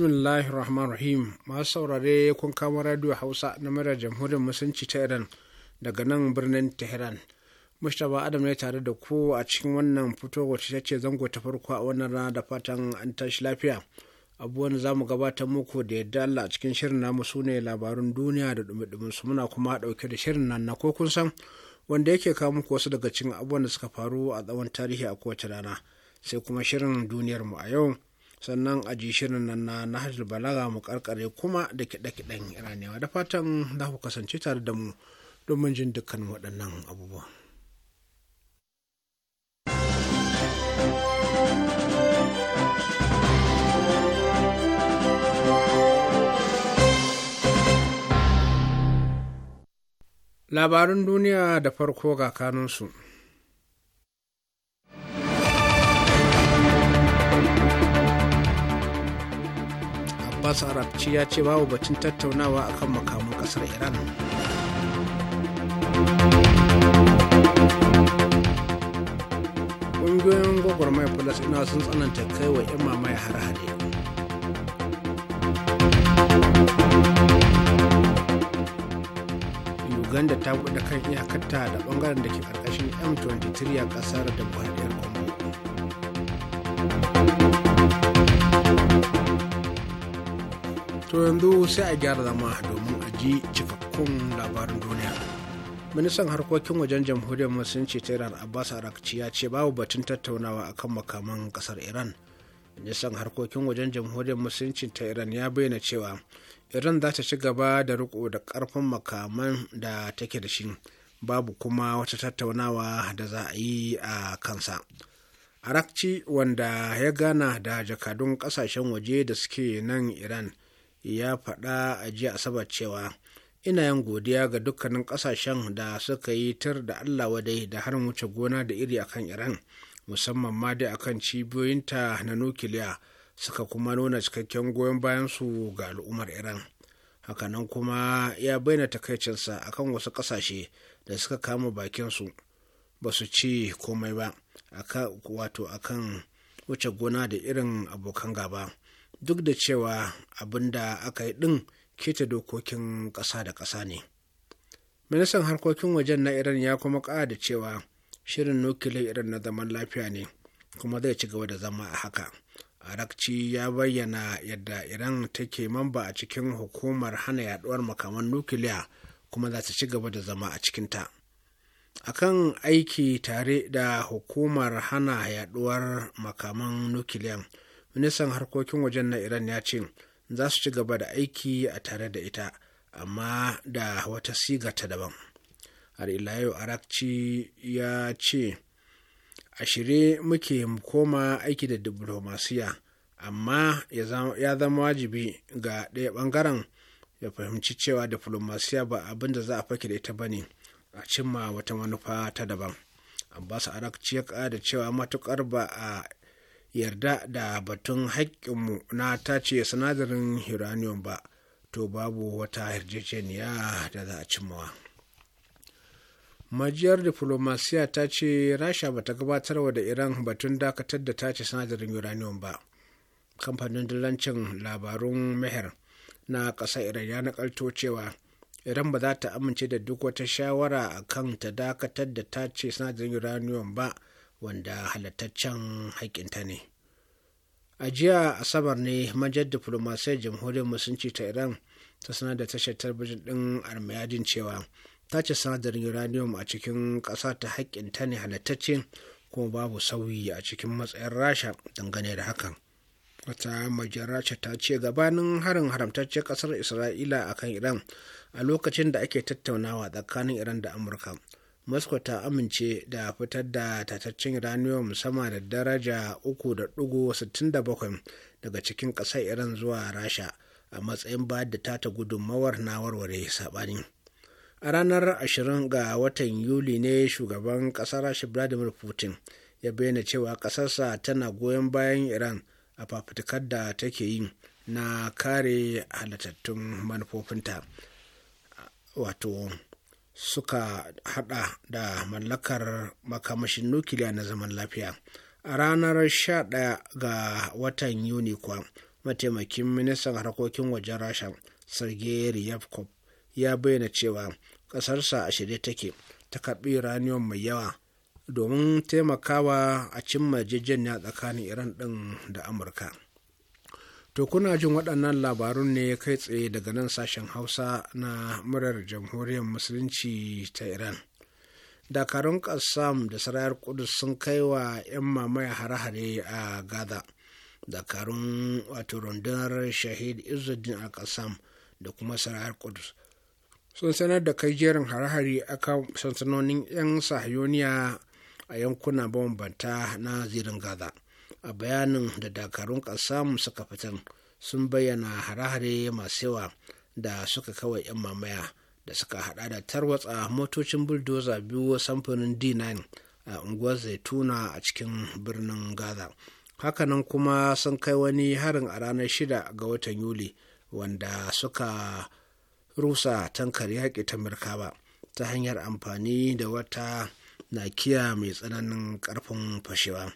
bismillahi rahman rahim masu saurare kun kama radio hausa na murar jamhuriyar musulunci ta iran daga nan birnin tehran mustapha adam ne tare da ku a cikin wannan fito wacce ta ce zango ta farko a wannan rana da fatan an tashi lafiya abubuwan za mu gabatar muku da yadda allah a cikin shirin namu su ne labarun duniya da dumi su muna kuma dauke da shirin nan na ko kun san wanda yake kawo muku wasu daga cikin abubuwan da suka faru a tsawon tarihi a kowace rana sai kuma shirin duniyar mu a yau sannan a ji shirin nan na nahajul balaga mu karkare kuma da kiɗe-kiɗen iraniyawa da fatan za ku kasance tare da mu domin jin dukkan waɗannan abubuwa. Labarin duniya da farko ga kanunsu. abbas arabci ya ce babu batun tattaunawa akan makaman kasar iran ƙungiyoyin gwagwarmayar falasina sun tsananta kai wa 'yan mamaye har hare uganda ta buɗe kan iyakarta da ɓangaren da ke ƙarƙashin m23 a ƙasar da buhari to yanzu sai a gyara zama domin a ji cikakkun labarin duniya ministan harkokin wajen jamhuriyar musulunci ta iran abbas arakci ya ce babu batun tattaunawa akan makaman kasar iran ministan harkokin wajen jamhuriyar musulunci ta iran ya bayyana cewa iran za ta ci gaba da riko da karfin makaman da take da shi babu kuma wata tattaunawa da za a yi a kansa arakci wanda ya gana da jakadun kasashen waje da suke nan iran ya faɗa a jiya asabar cewa ina yin godiya ga dukkanin ƙasashen da suka yi tar da allah wadai da har wuce gona da iri akan iran musamman ma dai akan cibiyoyinta na nukiliya suka kuma nuna cikakken goyon bayan su ga al'ummar iran hakanan kuma ya bayyana takaicinsa akan wasu ƙasashe da suka kama bakinsu ba su ci komai ba wato akan wuce gona da irin abokan gaba duk da cewa abin da aka yi ɗin keta dokokin ƙasa da ƙasa ne ministan harkokin wajen na iran ya kuma da cewa shirin nukiliyar iran na zaman lafiya ne kuma zai ci gaba da zama a haka arakci ya bayyana yadda iran take mamba a cikin hukumar hana yaduwar makaman nukiliya kuma za ta ci gaba da zama a cikinta akan aiki tare da hukumar hana yaduwar makaman nukiliyan ministan harkokin wajen na iran ya ce za su ci gaba da aiki a tare da ita amma da wata siga ta daban har ila yau arakci ya ce a shirye muke koma aiki da diplomasiya amma ya zama wajibi ga ɗaya ɓangaren ya fahimci cewa diplomasiya ba abin da za a fake da ita ba ne a cimma wata manufa ta daban abbas arakci ya da cewa matukar ba a yarda da batun haƙƙinmu na tace sinadarin uranium ba to babu wata yarjejeniya da za a cimmawa majiyar diflomasiya ta ce rasha ba ta gabatarwa da iran batun dakatar da tace sinadarin uranium ba kamfanin dillancin labarun meher na ƙasa iran ya nakalto cewa iran ba za ta amince da duk wata shawara a kan ta dakatar da tace sinadarin uranium ba wanda halattaccen haƙƙinta ne a jiya asabar ne majar diflomasiyar jamhuriyar musulunci ta iran ta sanar da tashar talabijin ɗin armayadin cewa ta ce sanadarin uranium a cikin ƙasa ta haƙƙinta ne halattacce kuma babu sauyi a cikin matsayin rasha dangane da hakan wata majiyar rasha ta ce gabanin harin haramtacce ƙasar isra'ila a kan iran a lokacin da ake tattaunawa tsakanin iran da amurka moscow ta amince da fitar da tataccen uranium sama da daraja 3.67 daga cikin ƙasar iran zuwa rasha a matsayin bayar da tata gudunmawar na warware saɓani a ranar 20 ga watan yuli ne shugaban ƙasar rasha vladimir putin ya bayyana cewa ƙasarsa tana goyon bayan iran a fafutukar da take yi na kare halittattun manufofinta wato suka hada da mallakar makamashin nukiliya na zaman lafiya a ranar 11 ga watan yuni kuwa mataimakin ministan harkokin wajen rasha sergei ryabkov ya bayyana cewa ƙasarsa a shirye take ta karɓi uranium mai yawa domin taimakawa a cimma jejjeniya tsakanin iran ɗin da amurka To kuna jin waɗannan labarun ne kai tsaye daga nan sashen Hausa na murar jamhuriyar Musulunci ta Iran. Dakarun Kassam da Sarayar Kudus sun kai wa 'yan mamaya hare-hare a Gaza. Dakarun wato rundunar Shahid Izzuddin al-Qassam da kuma Sarayar Kudus. Sun sanar da kai jerin hare-hare a kan sansanonin 'yan sahayoniya a yankuna bambanta na zirin Gaza. a bayanin da dakarun ƙasam suka fitan sun bayyana hare-hare masu yawa da suka kawai 'yan mamaya da suka hada da tarwatsa motocin buldoza biyu samfurin d9 a unguwar zaituna a cikin birnin gaza hakanan kuma sun kai wani harin a ranar shida ga watan yuli wanda suka rusa tankar yaƙi ta mirkaba ta hanyar amfani da wata nakiya mai tsananin ƙarfin fashewa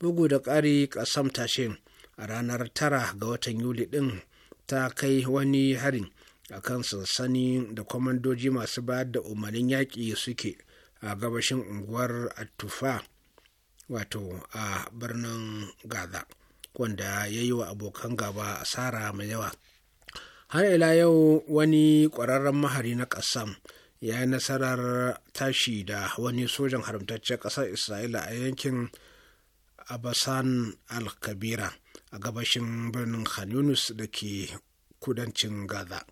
bugu da ƙari ƙasam tashe a ranar tara ga watan yuli ɗin ta kai wani harin a kan sansani da kwamandoji masu bayar da umarnin yaƙi suke a gabashin unguwar atufa wato a birnin gaza wanda ya yi wa abokan gaba asara mai yawa har ila yau wani ƙwararren mahari na ƙasam ya yi nasarar tashi da wani sojan haramtaccen ƙasar isra'ila a yankin abasan al-kabira a gabashin birnin khan da ke kudancin gaza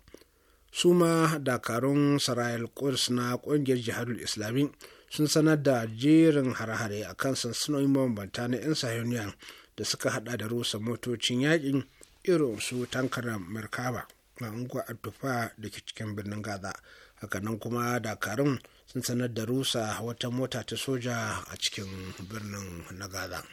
su ma dakarun sarayar quds na ƙungiyar jihadul islami sun sanar da jerin hare-hare a kan sansanoyin mabambanta na 'yan sahiyoniya da suka hada da rusa motocin yakin irin su tankar merkaba na unguwar tufa da ke cikin birnin gaza hakanan kuma dakarun sun sanar da rusa wata mota ta soja a cikin birnin na gaza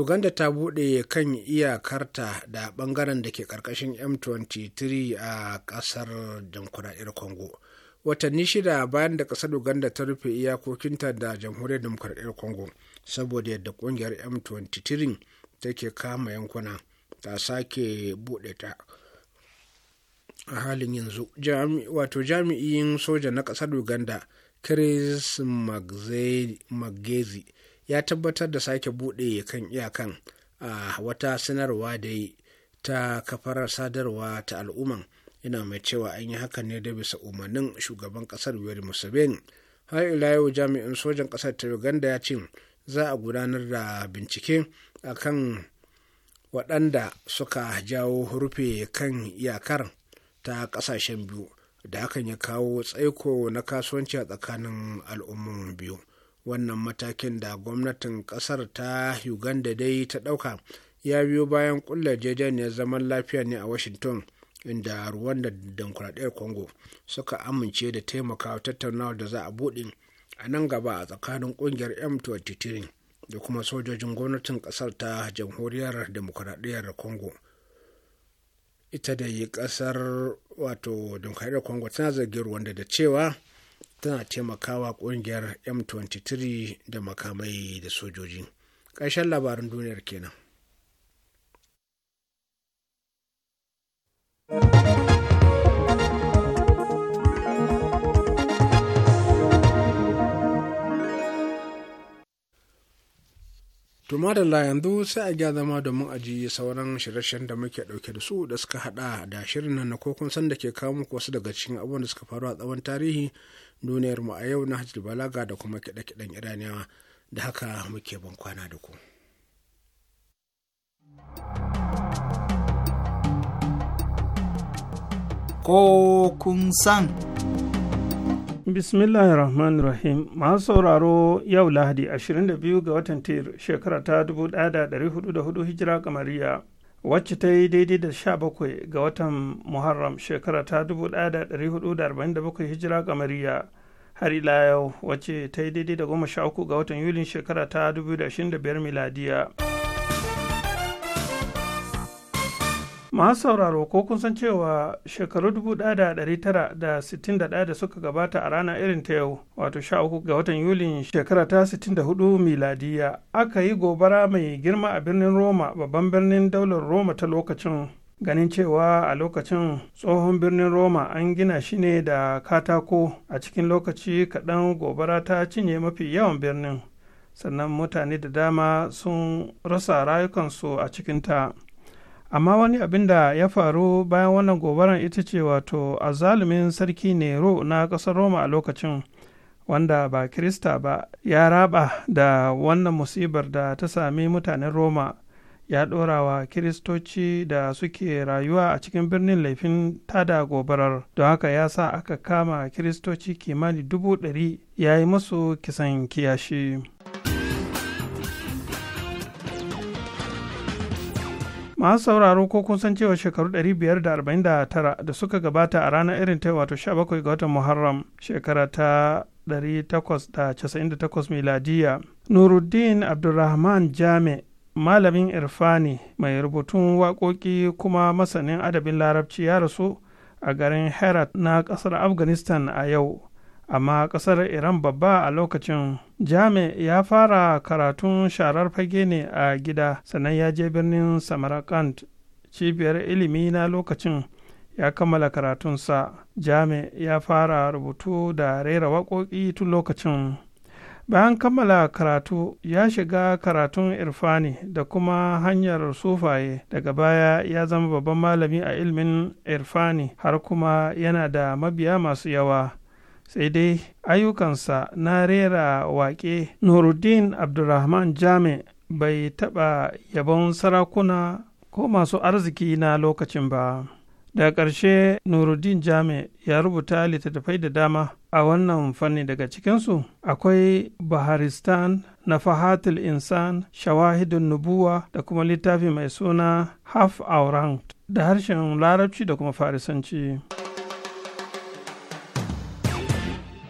uganda ta buɗe kan iyakarta da ɓangaren da ke ƙarƙashin m23 a ƙasar jamhuriyar congo watanni shida bayan da ƙasar uganda ta rufe iyakokinta da jamhuriyar demokuraɗiyar congo saboda yadda ƙungiyar m23 take kama yankuna ta sake buɗe ta a halin yanzu wato jami'in soja na ƙasar uganda chris magezi ya tabbatar da sake buɗe kan iyakan a wata sanarwa da yi ta kafarar sadarwa ta al'umma, yana mai cewa an yi hakan ne da bisa umarnin shugaban kasar yoweri museveni har ila yau jami'in sojan kasar ta uganda ya ce za a gudanar da bincike akan waɗanda suka jawo rufe kan iyakar ta ƙasashen biyu da hakan ya kawo tsaiko na kasuwanci a tsakanin al'ummomin biyu wannan matakin da gwamnatin kasar ta uganda dai ta ɗauka ya biyo bayan ƙulla ya zaman lafiya ne a washington inda ruwan da demokuraɗiyar congo suka amince da taimakawa tattaunawar da za a buɗe a nan gaba a tsakanin ƙungiyar m23 da kuma sojojin gwamnatin ƙasar ta jamhuriyar demokuraɗiyar congo ita da yi ƙasar wato demokuraɗiyar congo tana zargin rwanda da cewa tana taimakawa ƙungiyar m23 da makamai da sojoji ƙarshen labarin duniyar kenan. To madalla yanzu sai a gya zama domin aji sauran shirye da muke dauke da su da suka hada da shirin nan na kokon san da ke kawo muku wasu daga cikin abubuwan da suka faru a tsawon tarihi duniyar mu a yau na Hajji Balaga da kuma kiɗe-kiɗen Iraniyawa da haka muke ban kwana da ku. Ko kun san. Bismillahirrahmanirrahim rahmanir masu sauraro yau lahadi 22 ga watan tir shekara ta 1404 hijira kamariya wacce ta yi daidai da 17 ga watan muharram shekara ta 1447 hijira kamariya har ila yau wacce ta yi daidai da 13 ga watan yulin shekara ta 2025 miladiya. masu sauraro ko kun san cewa shekaru 1961 da suka gabata a rana irin ta yau wato 13 ga watan yuli shekara ta 64 miladiya aka yi gobara mai girma a birnin roma babban birnin daular roma ta lokacin ganin cewa a lokacin tsohon birnin roma an gina shi ne da katako a cikin lokaci kaɗan gobara ta cinye mafi yawan birnin sannan mutane da dama sun rasa rayukansu a cikin ta. amma wani abin da ya faru bayan wannan gobaran ita ce wato a zalumin sarki nero na ƙasar roma a lokacin wanda ba kirista ba ya raba da wannan musibar da ta sami mutanen roma ya ɗora kiristoci da suke rayuwa a cikin birnin laifin tada gobarar don haka ya sa aka kama kiristoci kimanin dubu ɗari ya yi musu kisan kiyashi. masu sauraro ko kun san cewa shekaru 549 da suka gabata a ranar irin ta wato 17 ga watan Muharram shekara ta 898 miladiya. Nuruddin Abdulrahman jami malamin Irfani mai rubutun waƙoƙi kuma masanin adabin larabci ya rasu a garin Herat na ƙasar Afghanistan a yau, amma ƙasar Iran babba a lokacin Jami ya fara karatun sharar fage ne a gida sannan ya je birnin samarkand cibiyar ilimi na lokacin ya kammala karatunsa Jami ya fara rubutu da rera waƙoƙi tun lokacin bayan kammala karatu ya shiga karatun irfani da kuma hanyar sufaye daga baya ya zama babban malami a ilimin irfani har kuma yana da mabiya masu yawa sai dai ayyukansa na rera waƙe nuruddin abdulrahman jami bai taɓa yabon sarakuna ko masu arziki na lokacin ba Da ƙarshe nuruddin jami ya rubuta littattafai da dama a wannan fanni daga cikinsu akwai baharistan na fahatul insan shawahidun nubuwa da kuma littafi mai suna half aurang da harshen larabci da kuma farisanci.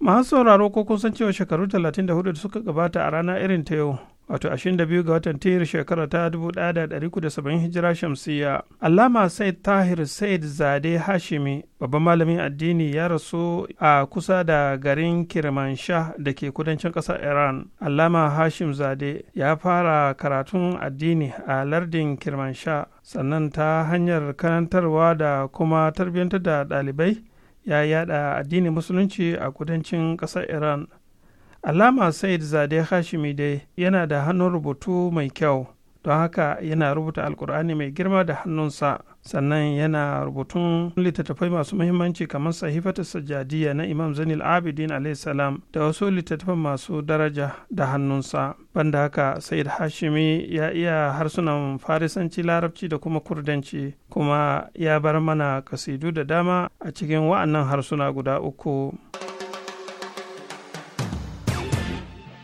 masu sauraro ko kun san cewa shekaru 34 da suka gabata a rana irin ta yau wato 22 ga watan tiyar shekara ta 1970 hijira shamsiya Alama said tahir said zade hashimi babban malamin addini ya rasu a kusa da garin kirmanshah da ke kudancin ƙasar iran Alama hashim zade ya fara karatun addini a lardin kirmanshah sannan ta hanyar kanantarwa da kuma tarbiyyantar da ɗalibai ya yada addinin musulunci a kudancin ƙasar iran alama said zade hashimi dai yana da hannun rubutu mai kyau don haka yana rubuta alkur'ani mai girma da hannunsa sannan yana rubutun littattafai masu muhimmanci kamar sahifatu sajjadiya na imam zanil abidin salam da wasu littattafan masu daraja da hannunsa banda haka said hashimi ya iya harsunan farisanci larabci da kuma kurdanci kuma ya bar mana kasidu da dama a cikin wa'annan harsuna guda uku.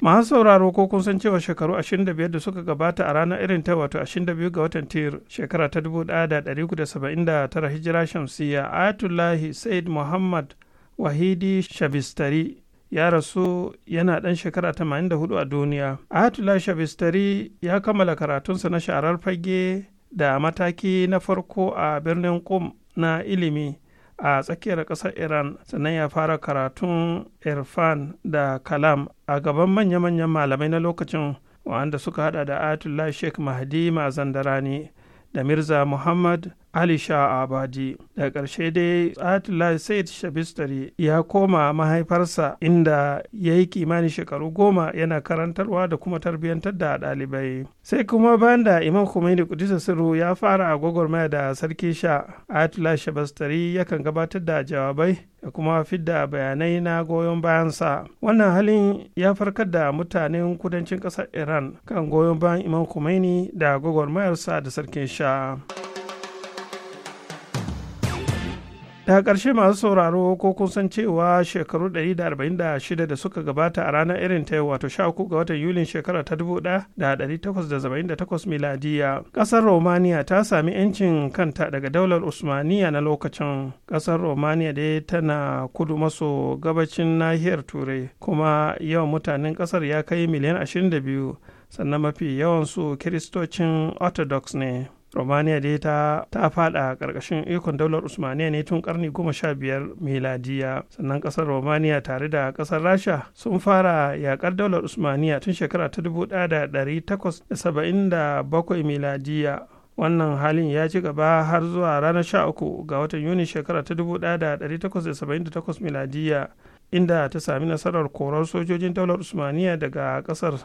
masu sauraro ko kun san cewa shekaru 25 da suka gabata a ranar irin ta wato 22 ga watan tir shekara ta 1979 hijira shamsiya ayatullahi said muhammad wahidi shabistari ya rasu yana ɗan shekara 84 a duniya ayatullahi shabistari ya kammala karatunsa na sharar fage da mataki na farko a birnin kum na ilimi a tsakiyar ƙasar iran sannan ya fara karatun irfan da kalam a gaban manya-manyan malamai na lokacin wanda suka hada da ayatollah sheikh mahdi mazandarani da mirza muhammad Ali sha Abadi. Da ƙarshe dai Ayatollah Said Shabistari ya koma mahaifarsa inda ya yi kimanin shekaru goma yana karantarwa da kuma tarbiyyantar da ɗalibai. Sai kuma bayan da Imam Khomeini Kudisa Sirru ya fara a gwagwarmaya da Sarki Sha Ayatollah Shabistari yakan gabatar da jawabai da kuma fidda bayanai na goyon bayansa. Wannan halin ya farkar da mutanen kudancin ƙasar Iran kan goyon bayan Imam Khomeini da gwagwarmayarsa da Sarkin Sha. da ƙarshe masu sauraro ko kun san cewa shekaru 146 da suka gabata a ranar irin ta wato 13 ga watan yulin shekara ta 1878 miladiya ƙasar romania ta sami 'yancin kanta daga daular usmaniya na lokacin ƙasar romania dai tana kudu maso gabacin nahiyar turai kuma yawan mutanen ƙasar ya kai miliyan 22 sannan mafi yawansu kiristocin orthodox ne romania dai ta ta fada karkashin ikon daular usmaniya ne tun karni goma sha biyar miladiya sannan kasar romania tare da kasar rasha sun fara yakar daular usmaniya tun shekara ta dubu da dari miladiya wannan halin ya ci gaba har zuwa ranar sha ga watan yuni shekara ta dubu da dari miladiya inda ta sami nasarar korar sojojin daular usmaniya daga kasar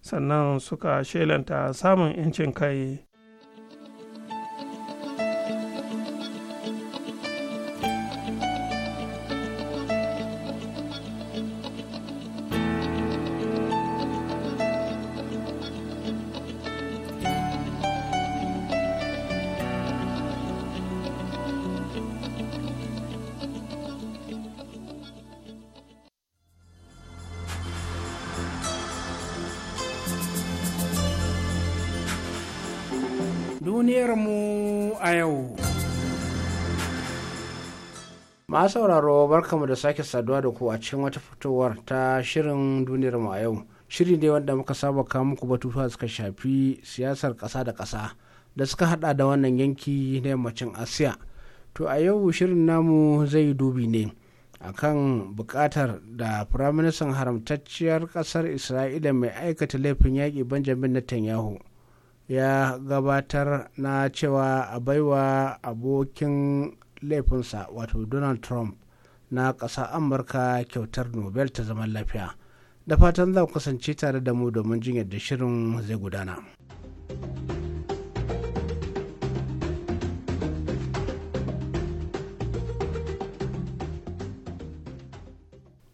sannan suka shelanta samun 'yancin kai ma sauraro barkamu da sake saduwa da ku a cikin wata fitowar ta shirin duniyar mu a yau shiri ne wanda muka saba kawo muku batutuwa suka shafi siyasar kasa da kasa da suka hada da wannan yanki na yammacin asiya to a yau shirin namu zai dubi ne akan bukatar da firaministan haramtacciyar kasar isra'ila mai aikata laifin yaƙi benjamin netanyahu ya gabatar na cewa a baiwa abokin laifinsa wato donald trump na ƙasa amurka kyautar nobel ta zaman lafiya da fatan za kasance tare da mu domin jin yadda shirin zai gudana.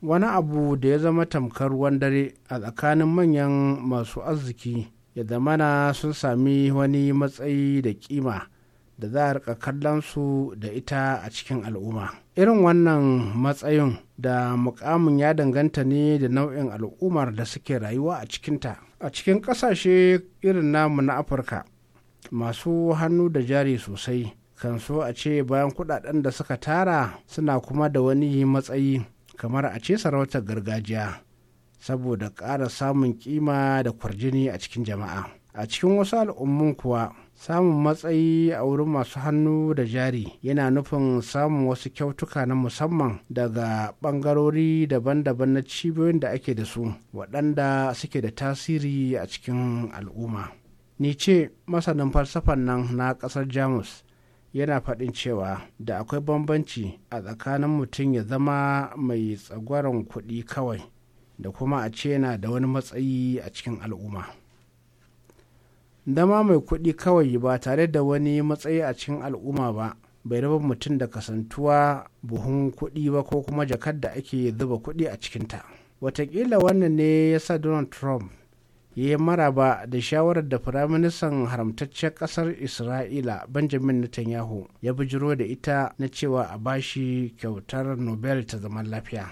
wani abu da ya zama tamkar ruwan dare a tsakanin manyan masu arziki ya zamana sun sami wani matsayi da kima da za a rika kallon su da ita a cikin al'umma irin wannan matsayin da mukamin ya danganta ne da nau'in al'ummar da suke rayuwa a cikinta a cikin ƙasashe irin namu na afirka masu hannu da jari sosai kan so a ce bayan kudaden da suka tara suna kuma da wani matsayi kamar a ce sarautar gargajiya saboda ƙara samun kima da kwarjini a cikin jama'a a cikin wasu al'ummun kuwa samun matsayi a wurin masu hannu da jari yana nufin samun wasu kyautuka na musamman daga bangarori daban-daban na cibiyoyin da ake da su waɗanda suke da tasiri a cikin al'umma ni ce masanin falsafan nan na ƙasar jamus yana faɗin cewa da akwai bambanci a tsakanin mutum ya zama mai tsagwaron kuɗi kawai da kuma a ce yana da wani matsayi a cikin al'umma. dama mai kuɗi kawai ba tare da wani matsayi a cikin al'umma ba bai raba mutum da kasantuwa buhun kuɗi ba ko kuma jakar da ake zuba kuɗi a cikinta watakila wannan ne ya sa donald trump ya yi maraba da shawarar da firaministan haramtaccen kasar isra'ila benjamin netanyahu ya bijiro da ita na cewa a bashi kyautar nobel ta zaman lafiya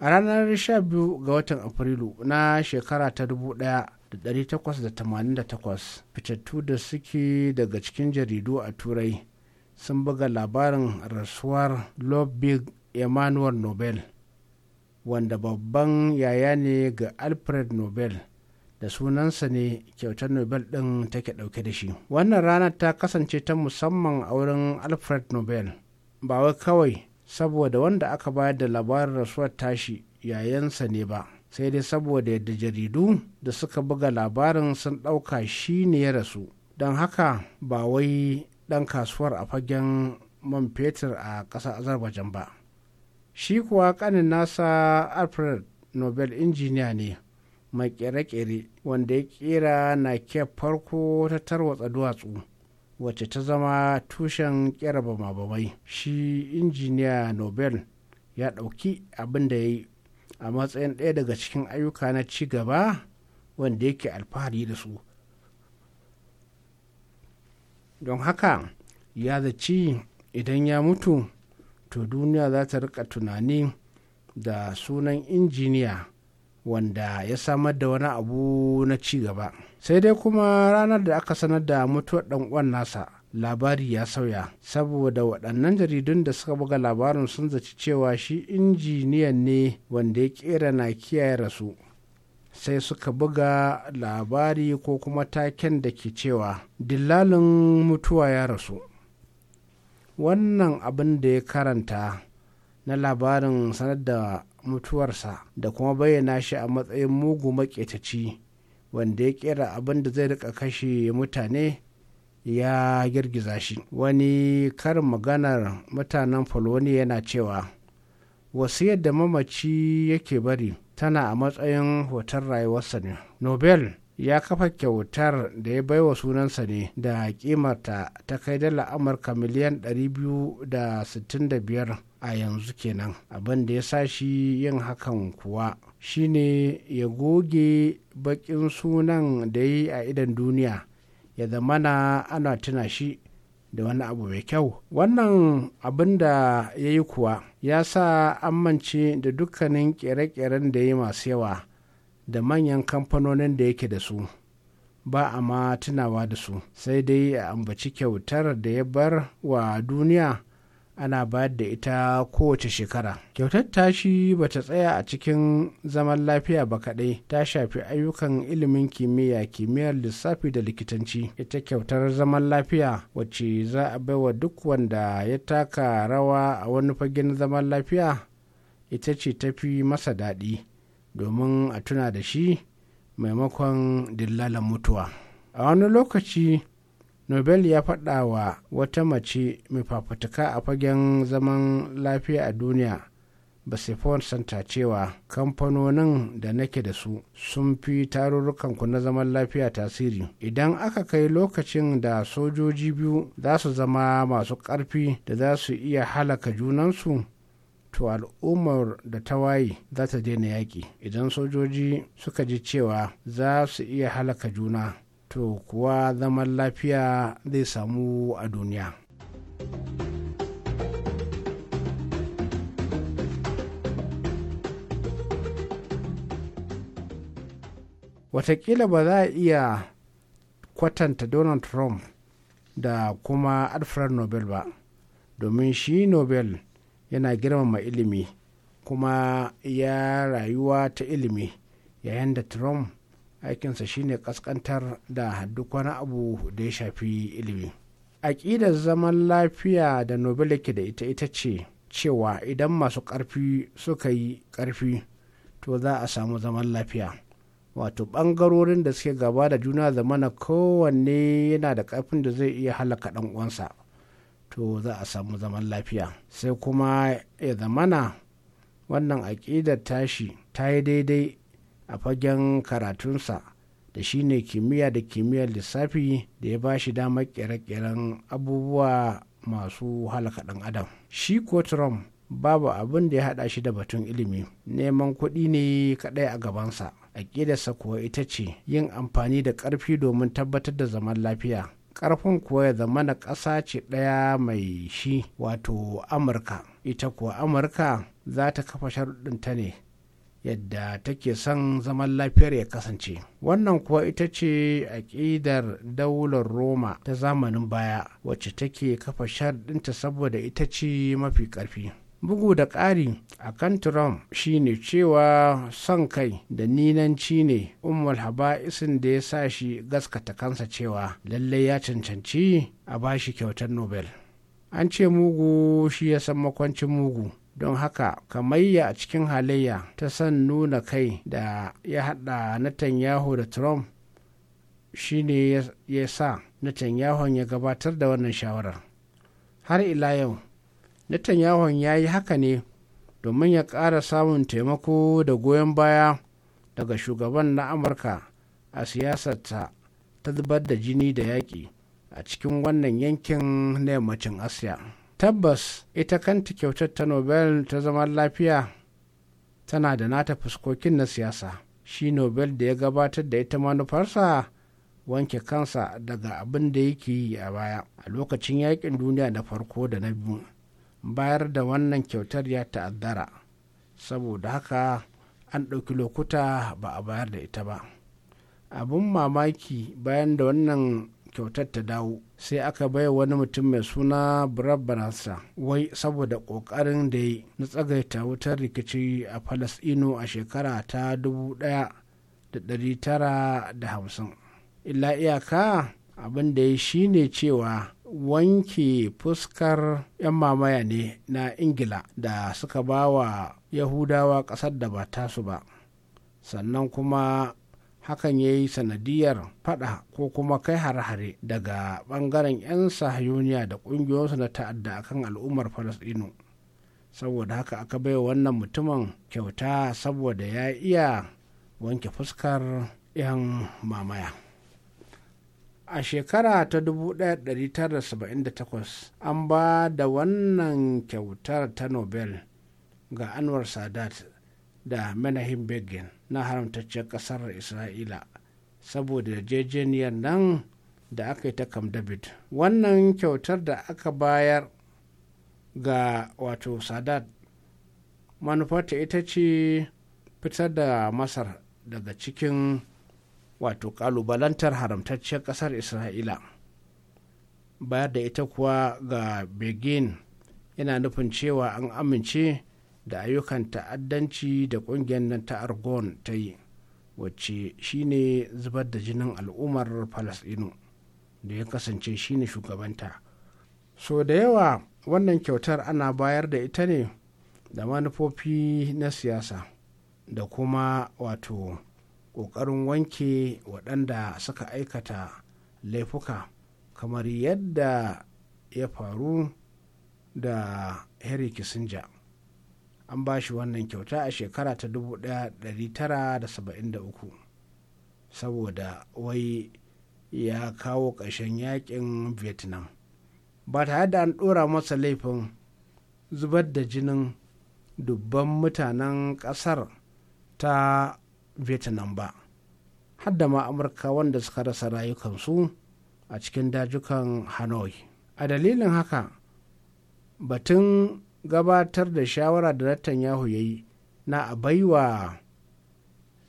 a ranar 12 ga watan afrilu na shekara ta 1900 1888 fitattu da suke daga cikin jaridu a turai sun buga labarin rasuwar lobbig emmanuel nobel wanda babban yaya ne ga alfred nobel da sunansa ne kyautar nobel ɗin take ɗauke da shi wannan ranar ta kasance ta musamman a wurin alfred nobel ba wai kawai saboda wanda aka bayar da labarin rasuwar tashi yayansa ne ba sai dai saboda yadda jaridu da suka buga labarin sun ɗauka shi ne ya rasu don haka ba wai ɗan kasuwar a fagen man fetur a ƙasar azerbaijan ba shi kuwa ƙanin nasa alfred nobel injiniya ne mai ƙere-ƙere wanda ya ƙera na farko ta tarwatsa duwatsu wacce ta zama tushen ƙera ba shi injiniya nobel ya ɗauki abin da ya yi a matsayin ɗaya daga cikin ayyuka na ci gaba wanda yake alfahari da su don haka ya zaci idan ya mutu to duniya za ta rika tunani da sunan injiniya wanda ya samar da wani abu na ci gaba sai dai kuma ranar da aka sanar da mutuwar ɗan uwan nasa labari ya sauya saboda waɗannan jaridun da suka buga labarin sun zaci cewa shi injiniyan ne wanda ya kera na kiyaye rasu sai suka buga labari ko kuma taken da ke cewa dillalin mutuwa ya rasu wannan abin da ya karanta na labarin sanar da mutuwarsa da kuma bayyana shi a matsayin mugu maƙetaci wanda ya kera abin da zai rika kashe mutane ya girgiza shi wani karin maganar mutanen Folwani yana cewa wasu yadda mamaci yake bari tana a matsayin hoton rayuwarsa ne nobel ya kafa kyautar da ya baiwa sunansa ne da kimarta ta kai dala amurka miliyan 265 a yanzu kenan abin da ya sa shi yin hakan kuwa shine ya goge bakin sunan da yi a idan duniya ya zamana ana tuna shi da wani abu mai kyau wannan abin da ya yi kuwa ya sa amince da dukkanin kere-keren da ya yi masu yawa da manyan kamfanonin da yake da su ba a ma tunawa da su sai dai a ambaci kyautar da ya bar wa duniya ana bayar da ita kowace shekara. Kyautar tashi ba ta tsaya a cikin zaman lafiya ba kaɗai ta shafi ayyukan ilimin kimiyya kimiyyar lissafi da likitanci. Ita kyautar zaman lafiya wacce za a bai wa duk wanda ya taka rawa a wani fagen zaman lafiya ita ce tafi masa daɗi domin a tuna da shi maimakon dillalan mutuwa. A wani lokaci nobel ya faɗa wa wata mace mai fafutuka a fagen zaman lafiya a duniya basifon santa cewa kamfanonin da nake da su sun fi tarurrukanku na zaman lafiya tasiri idan aka kai lokacin da sojoji biyu za su zama masu ƙarfi da za su iya halaka junansu to al'ummar da ta waye za ta daina yaƙi idan sojoji suka ji cewa za su iya halaka juna to kuwa zaman lafiya zai samu a duniya watakila ba za a iya kwatanta donald trump da kuma alfred nobel ba domin shi nobel yana girmama ilimi kuma ya rayuwa ta ilimi yayin da trump aikinsa shine kaskantar da duk wani abu da ya shafi ilimi aƙidar zaman lafiya da nobel yake da ita ita ce cewa idan masu ƙarfi suka yi ƙarfi to za a samu zaman lafiya wato ɓangarorin da suke gaba da juna zamana kowanne yana da ƙarfin da zai iya halaka ɗan uwansa to za a samu zaman lafiya sai kuma ya zamana wannan aƙidar tashi ta yi daidai a fagen karatunsa da shi ne kimiyya da kimiyyar lissafi da ya ba shi damar kere-keren abubuwa masu halaka ɗan adam shi ko trump babu abin da ya haɗa shi da batun ilimi neman kuɗi ne kaɗai a gabansa aƙidarsa kuwa ita ce yin amfani da ƙarfi domin tabbatar da zaman lafiya ƙarfin kuwa ya zama na ƙasa ce ɗaya mai shi wato amurka ita kuwa amurka za ta kafa sharuɗinta ne yadda take son zaman lafiyar ya kasance wannan kuwa ita ce aƙidar daular roma ta zamanin baya wacce take kafa sharɗinta saboda ita ce mafi ƙarfi bugu da ƙari a kan trump shine cewa son kai da ninanci ne umar haba'isin da ya sa shi gaskata kansa cewa lallai ya cancanci a bashi kyautar nobel an ce mugu shi ya san makwancin mugu don haka kamayya a cikin halayya ta san nuna kai da ya hada Netanyahu da Trump shine ya sa Netanyahu ya gabatar da wannan shawarar. Har ila yau, Netanyahu ya yi haka ne domin ya ƙara samun taimako da goyon baya daga shugaban na Amurka a siyasarta ta zubar da jini da yaƙi a cikin wannan yankin na yammacin Asiya. tabbas ita kanta kyautar ta nobel ta zaman lafiya tana da nata fuskokin na siyasa shi nobel da ya gabatar da ita manufarsa wanke kansa daga abin da yake yi a baya a lokacin yakin duniya na farko da na biyu bayar da wannan kyautar ya ta'addara, saboda haka an ɗauki lokuta ba a bayar da ita ba abin mamaki bayan da wannan kyautar ta dawo sai aka bai wani mutum mai suna brad Barasa wai saboda ƙoƙarin da ya na tsagaita wutar rikici a falasino a shekara ta 1950 illa iyaka abin da ya shi ne cewa wanke fuskar 'yan mamaya ne na ingila da suka ba wa yahudawa ƙasar da ba tasu ba sannan kuma hakan ya yi sanadiyar fada ko kuma kai hare-hare daga bangaren 'yan sahayuniya da ƙungiyoyinsu na ta'adda akan al'ummar falasɗinu saboda haka aka bai wannan mutumin kyauta saboda ya iya wanke fuskar 'yan mamaya a shekara ta 1978 an ba da wannan kyautar ta nobel ga anwar sadat da menahim begin na haramtacciyar ƙasar isra'ila saboda yarjejeniyar nan da aka yi ta kam david wannan kyautar da aka bayar ga wato sadat manufarta ita ce fitar da masar daga cikin wato kalubalantar haramtacciyar ƙasar isra'ila bayar da ita kuwa ga begin yana nufin cewa an amince da ayyukan ta'addanci da ƙungiyar nan ta argon ta yi wacce shine zubar da jinin al'ummar falasɗinu da ya kasance shine shugabanta so da yawa wannan kyautar ana bayar da ita ne da manufofi na siyasa da kuma wato ƙoƙarin wanke waɗanda suka aikata laifuka kamar yadda ya faru da harry kissinger an ba shi wannan kyauta a shekara ta 1973 saboda wai ya kawo ƙarshen yakin vietnam ba tare da an ɗora masa laifin zubar da jinin dubban mutanen ƙasar ta vietnam ba hadda ma amurka wanda suka rasa rayukansu a cikin dajukan hanoi a dalilin haka batun gabatar da shawara da Netanyahu ya yi na a baiwa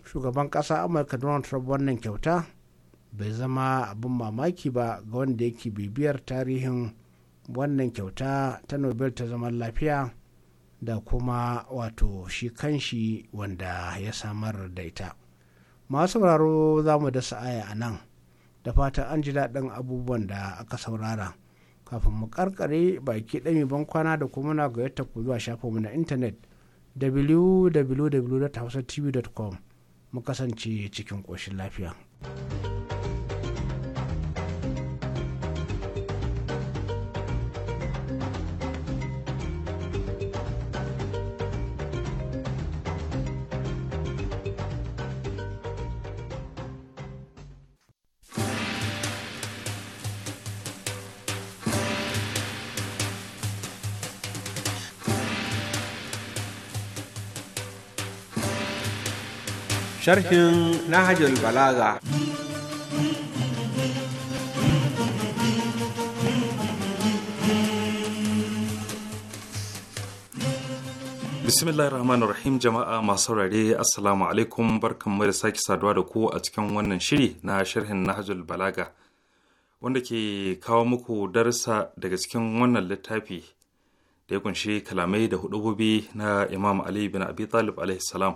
shugaban ƙasa amurka donald trump wannan kyauta bai zama abin mamaki ba ga wanda yake bibiyar tarihin wannan kyauta ta nobel ta zaman lafiya da kuma wato shi kanshi wanda ya samar da ita masu sauraro za mu da aya a nan da fatan an ji daɗin abubuwan da aka saurara. kafin mu karkare baki ɗami ban kwana da kuma na gayyata ku zuwa mu na intanet www.hausatv.com mu kasance cikin ƙoshin lafiya. sharhin Nahajul Balaga. bismillahir rahmanir rahim jama'a masu saurare assalamu alaikum barkanmu da sake saduwa da ku a cikin wannan shiri na sharhin nahajul balaga wanda ke kawo muku darsa daga cikin wannan littafi da ya kunshi kalamai da hudububi na imam ali bin abi talib alaihi salam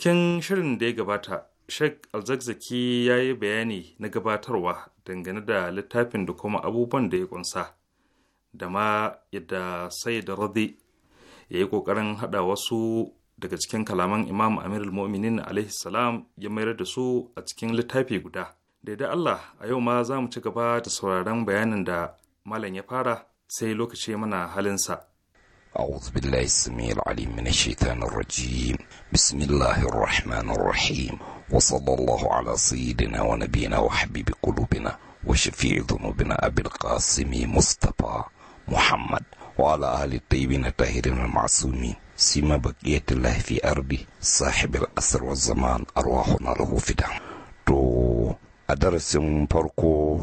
cikin shirin da ya gabata sheikh alzakzaki ya yi bayani na gabatarwa dangane da littafin da kuma abubuwan da ya kunsa da ma yadda sai da radi ya yi ƙoƙarin haɗa wasu daga cikin kalaman imam amir al-mu'minin alaihi salam ya mayar da su a cikin littafi guda da allah a yau ma za mu ci gaba da sauraron bayanin da malam ya fara sai lokaci mana halinsa أعوذ بالله السميع العليم من الشيطان الرجيم بسم الله الرحمن الرحيم وصلى الله على سيدنا ونبينا وحبيب قلوبنا وشفيع ذنوبنا أبي القاسم مصطفى محمد وعلى آل الطيبين الطاهرين المعصومين سيما بقية الله في أربي صاحب الأسر والزمان أرواحنا له فدا تو أدرس فرقو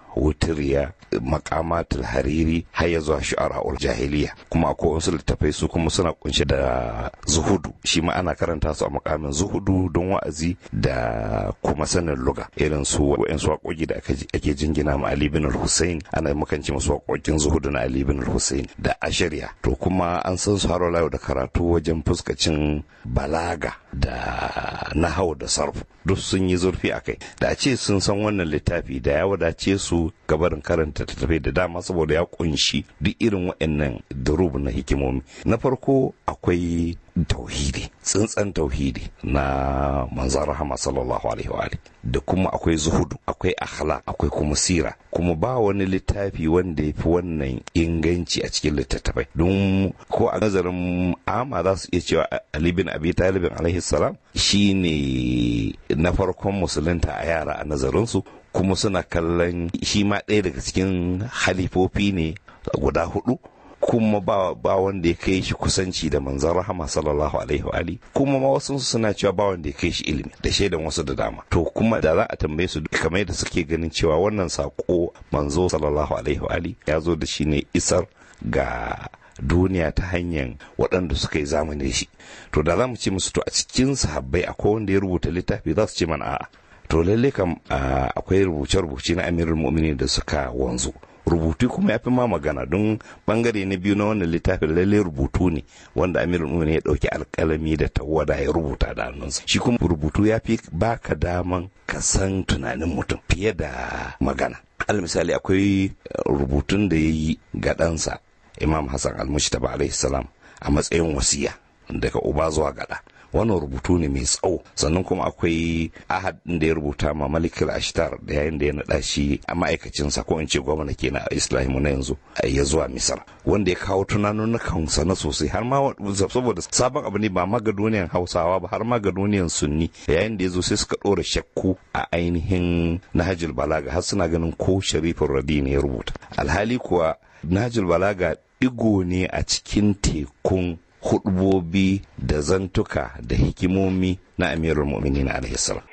wutiriya makamatul hariri har ya zuwa shu'ara'ul jahiliya kuma ko wasu littafai su kuma suna kunshe da zuhudu shi ma ana karanta su a makamin zuhudu don wa'azi da kuma sanin luga irin su su waƙoƙi da ake jingina ma ali bin hussein ana makanci masu waƙoƙin zuhudu na ali bin hussein da ashirya to kuma an san su har da karatu wajen fuskacin balaga da nahau da sarfu duk sun yi zurfi a kai da a ce sun san wannan littafi da ya wadace su gabarin karanta ta tafi da dama saboda ya kunshi duk irin waɗannan durub na hikimomi na farko akwai tauhidi tsintsan tauhidi na manzan rahama sallallahu alaihi wa da kuma akwai zuhudu akwai akhla akwai kuma sira kuma ba wani littafi wanda ya fi wannan inganci a cikin littattafai don ko a nazarin ama za su iya cewa ali bin abi talibin alaihi salam shine na farkon musulunta a yara a nazarinsu kuma suna kallon shi ma ɗaya daga cikin halifofi ne guda hudu kuma ba wanda ya kai shi kusanci da manzon rahama sallallahu alaihi wa ali kuma ma wasu suna cewa ba wanda ya kai shi ilimi da shaidan wasu da dama to kuma da za a tambaye su kamar yadda suke ganin cewa wannan sako manzo sallallahu alaihi wa ali ya zo da shi ne isar ga duniya ta hanyar waɗanda suka yi zamani shi to da za mu ce musu to a cikin sahabbai akwai wanda ya rubuta littafi za su ce mana a'a to lalle kam akwai rubuce-rubuce na amirul mu'minin da suka wanzu rubutu kuma ya fi ma magana don bangare na biyu na wannan littafin lalle rubutu ne wanda amir umar ya dauki alkalami da tawada ya rubuta da hannunsa shi kuma rubutu ya fi baka daman ka san tunanin mutum fiye da magana al misali akwai eh, rubutun da ya yi ga ɗansa imam hassan almushtaba alaihi salam a matsayin wasiya daga uba zuwa gada wannan rubutu ne mai tsawo sannan kuma akwai ahad din da ya rubuta ma malikul ashtar da yayin da ya naɗa shi a ma'aikacinsa ko in ce gwamna kenan a islamu na yanzu A ya zuwa misar wanda ya kawo tunanin na sosai har ma saboda sabon abu ne ba duniyan hausawa ba har ma ga duniyan sunni yayin da ya zo sai suka ɗora shakku a ainihin nahajul balaga har suna ganin ko sharifin radi ne ya rubuta alhali kuwa nahajul balaga digo ne a cikin tekun hudubobi da zantuka da hikimomi na amirul mu'minin alaihi salam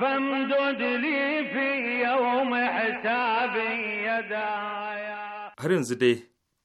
فامدد لي har yanzu dai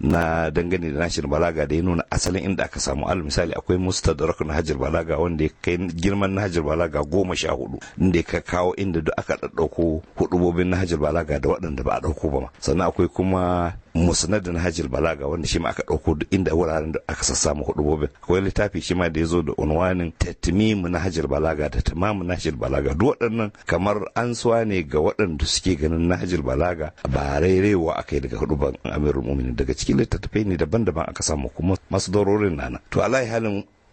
na dangane da nashin balaga da ya nuna asalin inda aka samu al misali akwai mustadrak na hajar balaga wanda ya kai girman na hajar balaga goma sha hudu inda ka kawo inda duk aka ɗaɗɗauko hudubobin na hajar balaga da waɗanda ba a ɗauko ba sannan akwai kuma musnadin hajjil balaga wanda shi ma aka ɗauko duk inda wuraren da aka sassamu hudubobin akwai littafi shi ma da ya zo da unwanin tatmimu na hajjil balaga da tamamu na hajjil balaga duk waɗannan kamar an suwa ne ga waɗanda suke ganin na hajjil balaga ba rairewa aka yi daga ban amirul mu'minin daga cikin littattafai ne daban-daban aka samu kuma masu dororin nana to alai halin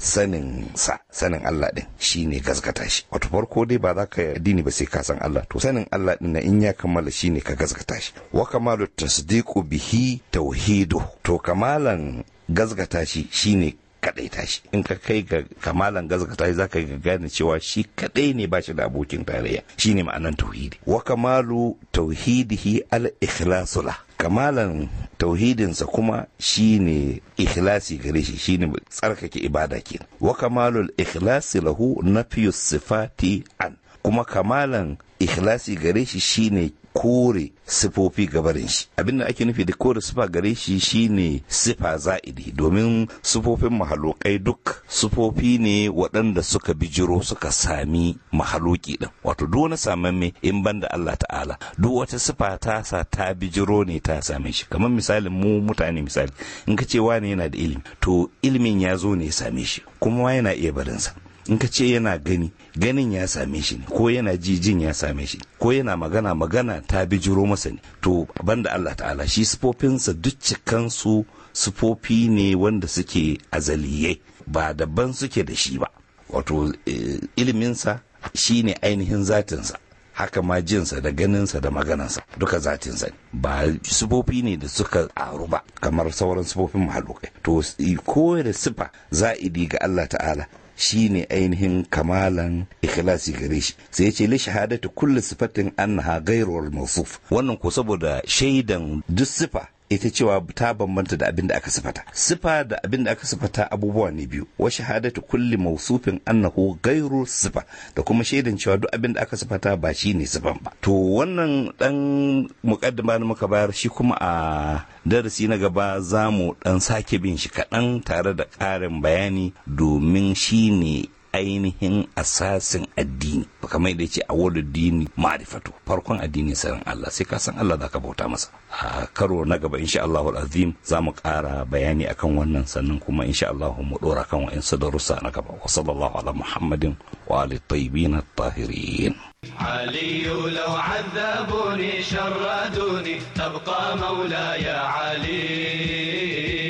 sanin sa sanin Allah din shine gazgata shi wato farko dai ba za ka addini ba sai ka san Allah to sanin Allah din na in ya kammala shine ka gazgata shi wa kamalu tasdiqu bihi tauhidu to kamalan gazgata shi shine Kaɗai tashi in ka kai ga kamalan gazaka ka tashi zaka ga gane cewa shi kaɗai ne ba shi da abokin tarayya shine ma'anan tauhidi wa kamalu tauhidihi al ikhlasula kamalan tauhidinsa kuma shi ne ikhlasi gare shi shi ne tsarkake ibada ke wa kamalul ikhlasi lahu nafiyus sifati an kuma kamalan ikhlasi gare shi shi ne. kore sifofi gabarin shi abin da ake nufi da kore sifa gare shi shine sifa za'idi domin sifofin mahalokai duk sifofi ne waɗanda suka bijiro suka sami mahaloki din wato duk wani samamme in ban da Allah ta'ala duk wata sifa ta sa ta bijiro ne ta same shi kamar misalin mu mutane misali in ka ce wani yana da ilimi to ilimin ya zo ne ya same shi kuma yana iya barinsa in ka ce yana gani ganin ya same shi ne ko yana ji jin ya same shi ko yana magana magana ta bijiro masa ne to banda Allah ta'ala shi sufofinsa duk cikansu sufofi ne wanda suke azaliye ba daban suke da shi ba wato eh, iliminsa shi ne ainihin zatinsa haka ma jinsa da ganinsa da maganansa duka zatinsa ne ba sufofi ne da suka aru ba kamar sauran sufofin mahalukai to ko da sifa za'idi ga Allah ta'ala shine ainihin kamalan ikhlasi gare shi sai ya ce li shahadatu kulli sifatin annaha ghairu al mawsuf wannan ko saboda shaidan duk sifa ita cewa ta bambanta da abin da aka sifata sifa da abin da aka sifata abubuwa ne biyu wa shahadatu kulli mawsufin annahu ghairu sifa da kuma shaidan cewa duk abin da aka sifata ba shi ne sifan ba to wannan dan mukaddama da muka bayar shi kuma a darasi na gaba za mu dan sake bin shi kaɗan tare da ƙarin bayani domin shi ne ainihin asasin addini kamar da ce a wadda dini ma'arifato farkon addini sanin Allah sai ka san Allah za ka bauta masa a karo na gaba insha Allah azim za mu ƙara bayani akan wannan sannan kuma insha Allah mu ɗora kan wa'in su darussa na gaba wa sallallahu ala muhammadin wa ali tayyibin tahirin علي لو عذبوني شردوني تبقى مولاي علي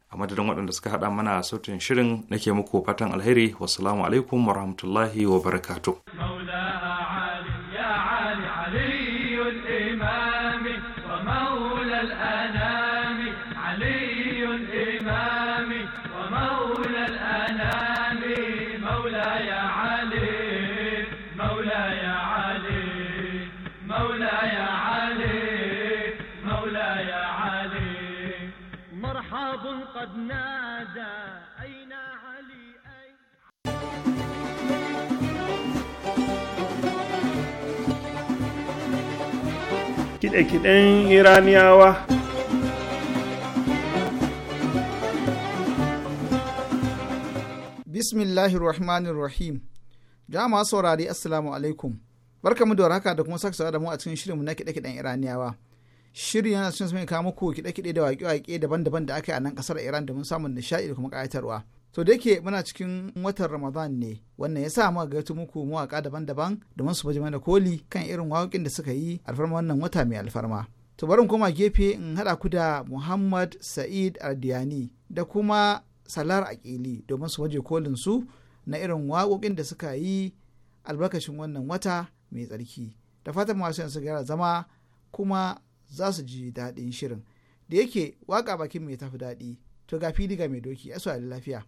a madadin waɗanda suka haɗa mana sautin shirin nake muku fatan alheri wasu alaikum warahmatullahi wabarakatuh kiɗe-kiɗen iraniyawa bismillahirrahmanirrahim jama'a saurari assalamu alaikum barkamu da warhaka da kuma saka da mu a cikin shirinmu na kiɗe-kiɗen iraniyawa shirin yana cikin sun kawo muku kiɗe-kiɗe da waƙe-waƙe daban-daban da aka yi a nan ƙasar iran domin samun nishaɗi da kuma ƙayatarwa to da yake muna cikin watan ramadan ne wannan ya sa muka gaito muku mawaka daban-daban domin su baje mana koli kan irin waƙoƙin da suka yi alfarma wannan wata mai alfarma to barin koma gefe in haɗa ku da muhammad sa'id ardiyani da kuma salar aƙili domin su waje kolin su na irin waƙoƙin da suka yi albarkacin wannan wata mai tsarki da fatan masu yansu gara zama kuma za su ji daɗin shirin da yake waƙa bakin mai tafi daɗi to ga fili ga mai doki a lafiya.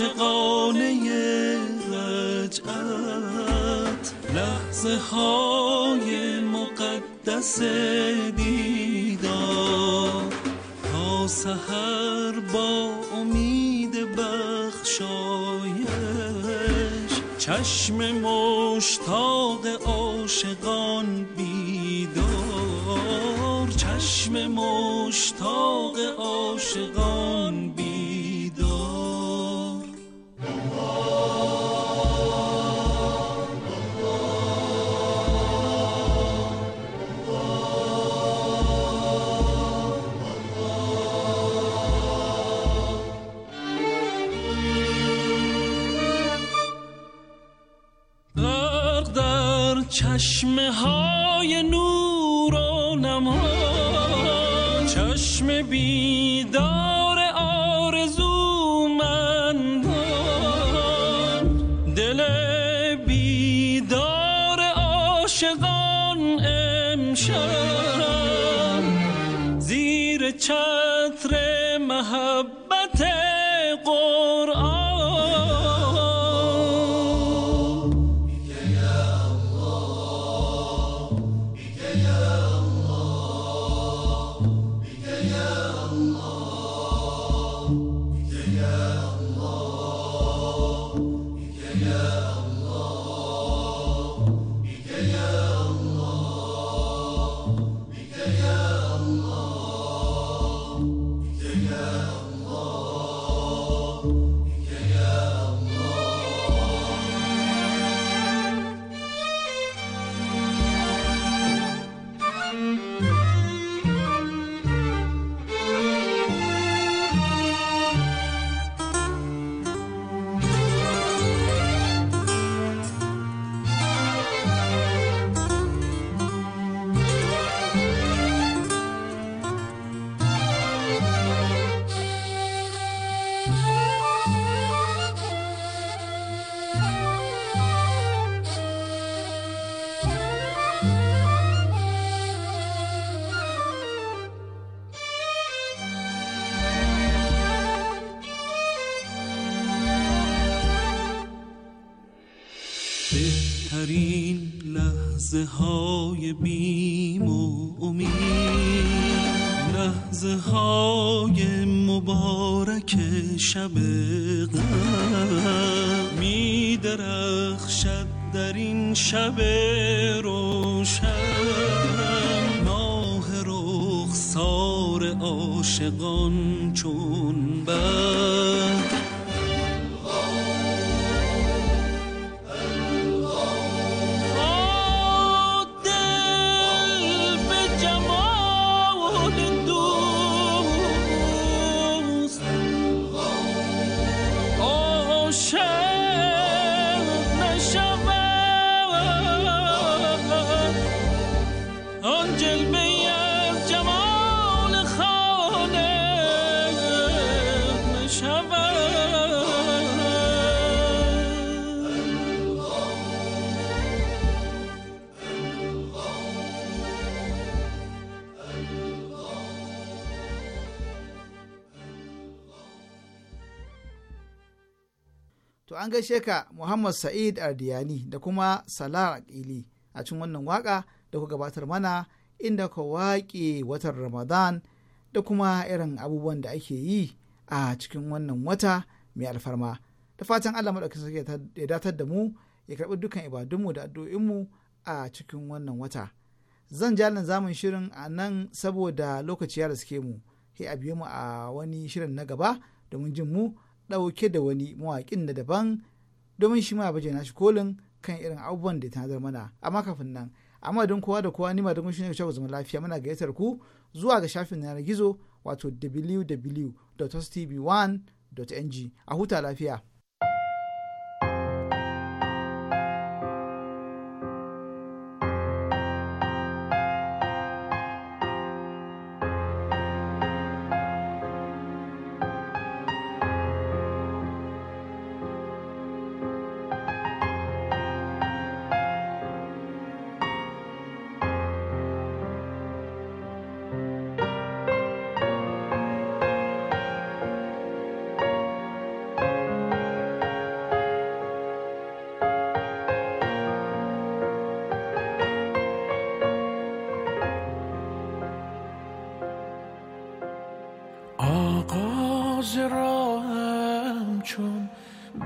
عاشقانه رجعت لحظه های مقدس دیدار تا سهر با امید بخشایش چشم مشتاق the whole you be an gaishe ka Muhammad Sa'id Ardiyani da kuma Salar Aqili a cikin wannan waka da ku gabatar mana inda ka waƙe watan Ramadan da kuma irin abubuwan da ake yi a cikin wannan wata mai alfarma. Da fatan Allah maɗaukakin sarki ya datar da mu ya karɓi dukkan ibadunmu da addu'o'inmu a cikin wannan wata. Zan nan zamun shirin a nan saboda lokaci ya riske mu. Sai a biyo mu a wani shirin na gaba domin jin mu ɗauke da wani mawaƙin na daban domin shi ma baje na shi kolin kan irin abubuwan da ta mana amma kafin nan amma don kowa da kowa ni ma don shi ne shago zama lafiya muna gayyatar ku zuwa ga shafin yanar gizo wato www.tv1.ng a huta lafiya.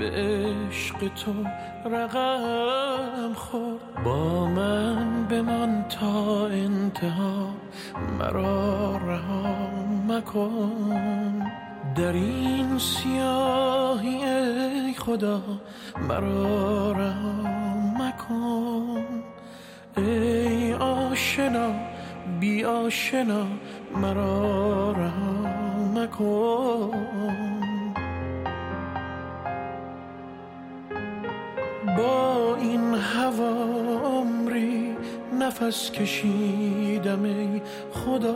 به عشق تو رقم خورد با من بمان تا انتها مرا رها مکن در این سیاهی ای خدا مرا رها مکن ای آشنا بی آشنا مرا رها مکن نفس کشیدم ای خدا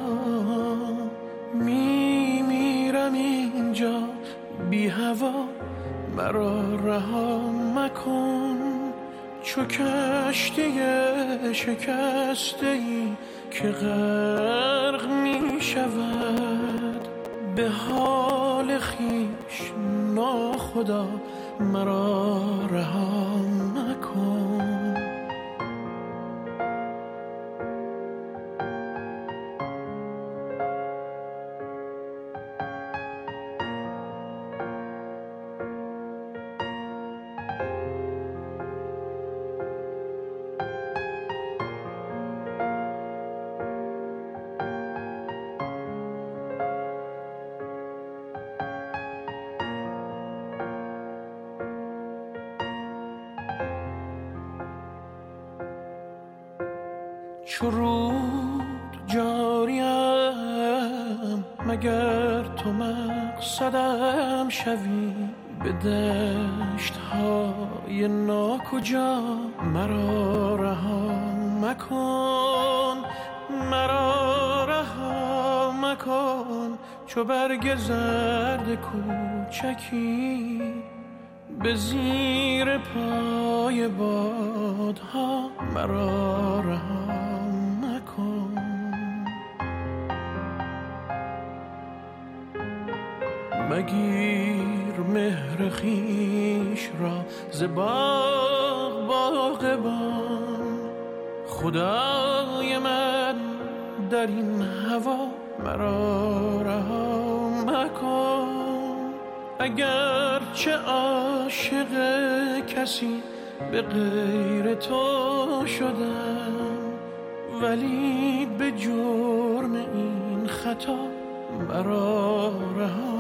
میمیرم اینجا بی هوا مرا رها مکن چو کشتی شکسته ای که غرق می شود به حال خیش ناخدا مرا رها مکن اگر تو مقصدم شوی به دشت های ناکجا مرا رها مکن مرا رها مکن چو برگ زرد کوچکی به زیر پای بادها مرا رها مگیر مهر خیش را ز باغ باغبان خدای من در این هوا مرا رها مکن اگر چه عاشق کسی به غیر تو شدم ولی به جرم این خطا مرا رها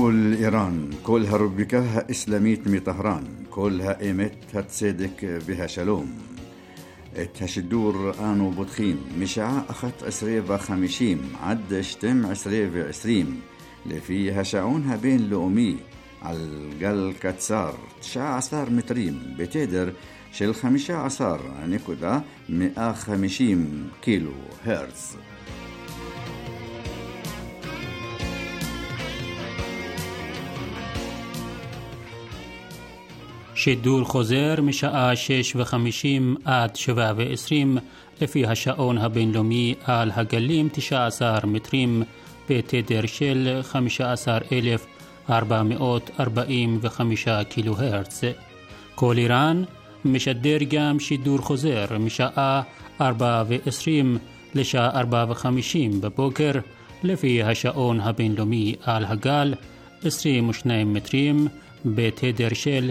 كل إيران كلها ربكها إسلاميت مي طهران كلها إيمت هتصدق بها شلوم الدور آنو بطخيم مشاع أخت عسرية خمشيم عد شتم عسرية عسريم لفي هشعونها بين لؤمي على كتسار تشاع عصار متريم بتدر של نكودا مئة خمشيم كيلو هرتز שידור חוזר משעה 6:50 עד 7:20 לפי השעון הבינלאומי על הגלים 19 מטרים בתדר של 15,445 קילו הרץ. כל איראן משדר גם שידור חוזר משעה 4:20 לשעה 4:50 בבוקר לפי השעון הבינלאומי על הגל 22 מטרים בתדר של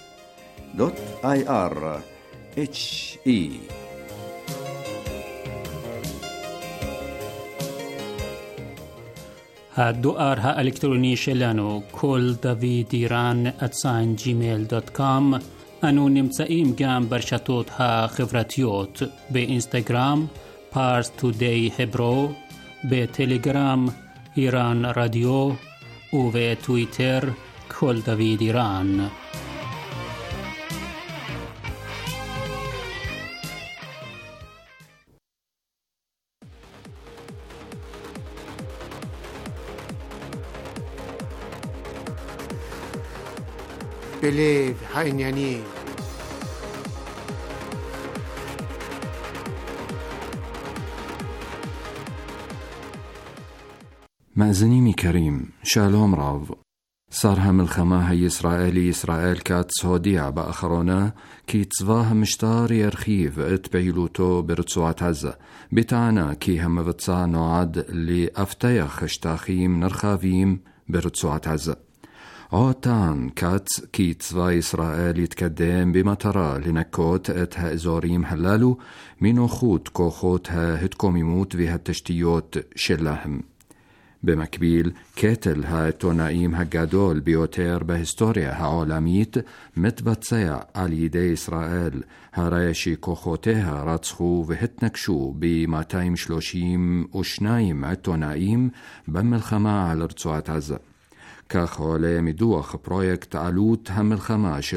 www.ir he دو آرها الکترونیشی لانو کل داوید ایران اتسان جیمیل دات کام انو نمتسائیم گم برشتوت ها خفرتیوت به انستگرام پارس تو دی هبرو به تلگرام ایران رادیو و به تویتر کل داوید ایران ایران לב, העניינים. מאזינים יקרים, שלום רב. שר המלחמה הישראלי ישראל כץ הודיע באחרונה כי צבא המשטר ירחיב את פעילותו ברצועת עזה, בטענה כי המבצע נועד לאבטח שטחים נרחבים ברצועת עזה. עוד טען כץ כי צבא ישראל יתקדם במטרה לנקות את האזורים הללו מנוחות כוחות ההתקוממות והתשתיות שלהם. במקביל, קטל העיתונאים הגדול ביותר בהיסטוריה העולמית מתבצע על ידי ישראל, הרי שכוחותיה רצחו והתנקשו ב-232 עיתונאים במלחמה על רצועת עזה. כך עולה מדוח פרויקט עלות המלחמה של